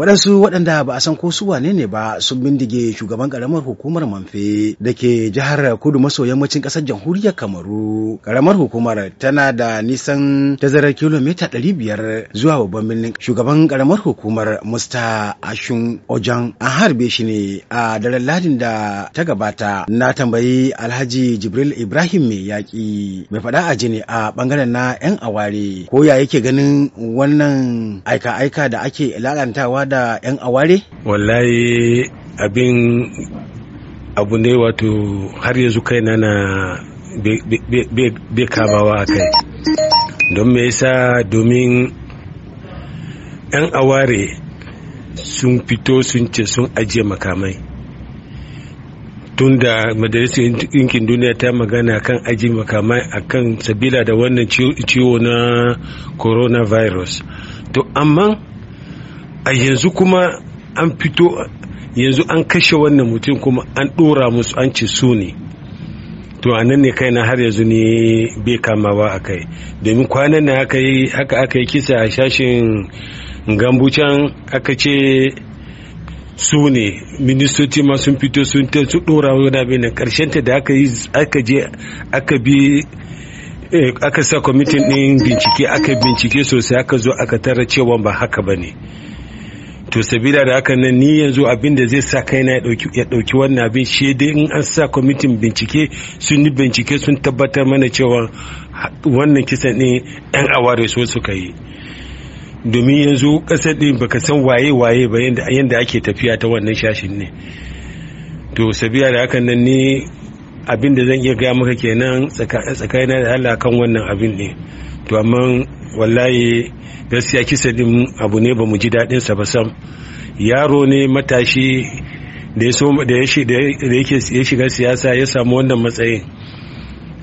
waɗansu waɗanda ba a san ko su wane ne ba sun bindige shugaban karamar hukumar manfe da ke jihar kudu maso yammacin ƙasar jamhuriyar kamaru karamar hukumar tana da nisan tazarar kilomita ɗari biyar zuwa babban birnin shugaban karamar hukumar musta ashun ojan an harbe shi ne a daren ladin da ta gabata na tambayi alhaji jibril ibrahim mai yaƙi mai faɗa a jini a ɓangaren na 'yan aware ko ya yake ganin wannan aika-aika da ake lalantawa da 'yan aware? Wallahi abin abu ne wato har yanzu kai na bai kamawa a kai don me yasa domin 'yan aware sun fito sun ce sun ajiye makamai tun da majalisar yankin duniya ta magana kan aji makamai a kan sabila da wannan ciwo na coronavirus to amma a yanzu kuma an fito yanzu an kashe wannan mutum kuma an dora musu an ce su ne to a nan ne kai na har yanzu ne bai kamawa a kai domin kwanan ne aka haka aka yi kisa a shashin gambucan aka ce su ne ministoci ma sun fito sun ta su dora wani abin nan ta da aka yi aka je aka bi eh, aka sa kwamitin ɗin bincike aka bincike sosai aka zo aka tara cewa ba haka ba ne to sabida da haka nan ni yanzu abin da zai sa kaina ya dauki wannan abin shi dai in an sa kwamitin bincike sun yi bincike sun tabbatar mana cewa wannan kisan ne yan aware so suka yi domin yanzu kasar din baka san waye waye ba yanda ake tafiya ta wannan shashin ne to sabida da haka nan ni abin da zan iya gaya maka kenan tsakanin da Allah kan wannan abin ne to amma wallahi gaskiya kisa din abu ne ba mu ji daɗin sa ba sam yaro ne matashi da ya da ya shiga siyasa ya samu wannan matsayin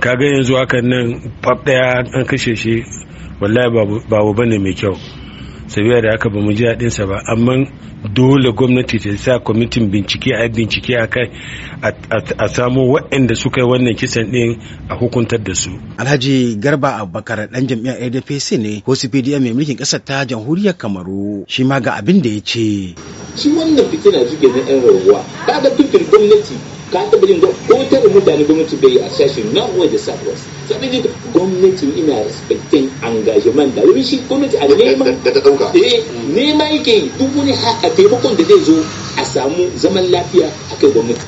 kaga yanzu hakan nan fab daya an kashe shi wallahi babu bane mai kyau sabiya da haka ba mu ji daɗinsa ba amma dole gwamnati ta sa kwamitin bincike a bincike a kai a samu waɗanda suka yi wannan kisan ɗin a hukuntar da su. Alhaji Garba Abubakar ɗan jam'iyyar ADPC ne ko PDM mai mulkin ƙasar ta jamhuriyar Kamaru shi ma ga abin da ya ce. Shi wannan fitina jirgin na 'yan rawa ta da gwamnati ka taɓa jin ko ta da mutane gwamnati bai yi a sashen wani da sabuwar sai jin gwamnati ina respectin engagement da wani shi gwamnati a neman da ta dauka eh nema yake yi duk wani haka taimakon da zai zo a samu zaman lafiya a kai gwamnati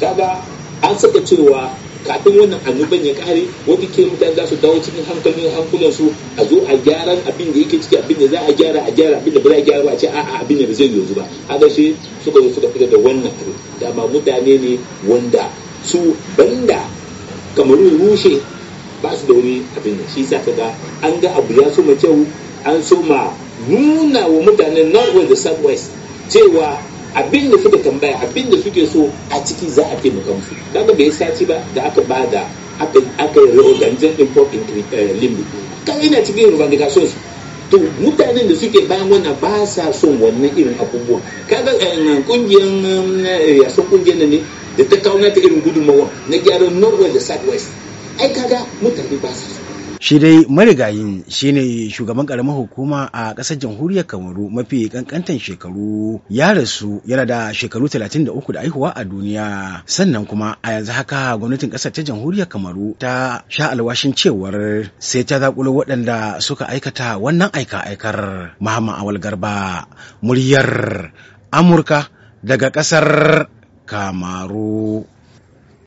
kaga an saka cewa kafin wannan annoban ya kare wata ke mutane za su dawo cikin hankalin hankulansu a zo a gyaran abin da yake ciki abin da za a gyara a gyara abin da ba za a gyara ba a ce a'a abin da zai yanzu ba haka shi suka zo suka fita da wannan da dama mutane ne wanda su banda kamaru rushe ba su da wani abin da shi sa ka ga an ga abu ya soma kyau an soma nuna wa mutanen northwest da southwest cewa abin da suka tambaya abin da suke so a ciki za a taimaka musu daga bai saci ba da aka ba da aka yi reorganizing import eh, limit kan na cikin revendication to mutanen da suke bayan wannan ba sa son wannan irin abubuwa kaga eh, kungiyan eh, yasan kungiyan ne da ta kawo ta irin gudunmawa na gyaran norway da southwest ai kaga mutane ba sa so shi dai marigayin shine shugaban karamar hukuma a ƙasar jamhuriyar kamaru mafi kankantan shekaru ya rasu yana da shekaru 33 da haihuwa a duniya sannan kuma a yanzu haka gwamnatin ƙasar ta jamhuriyar kamaru ta sha alwashin cewar sai ta zaƙulo waɗanda suka aikata wannan aika-aikar muhammad awal garba muryar amurka daga ƙasar kamaru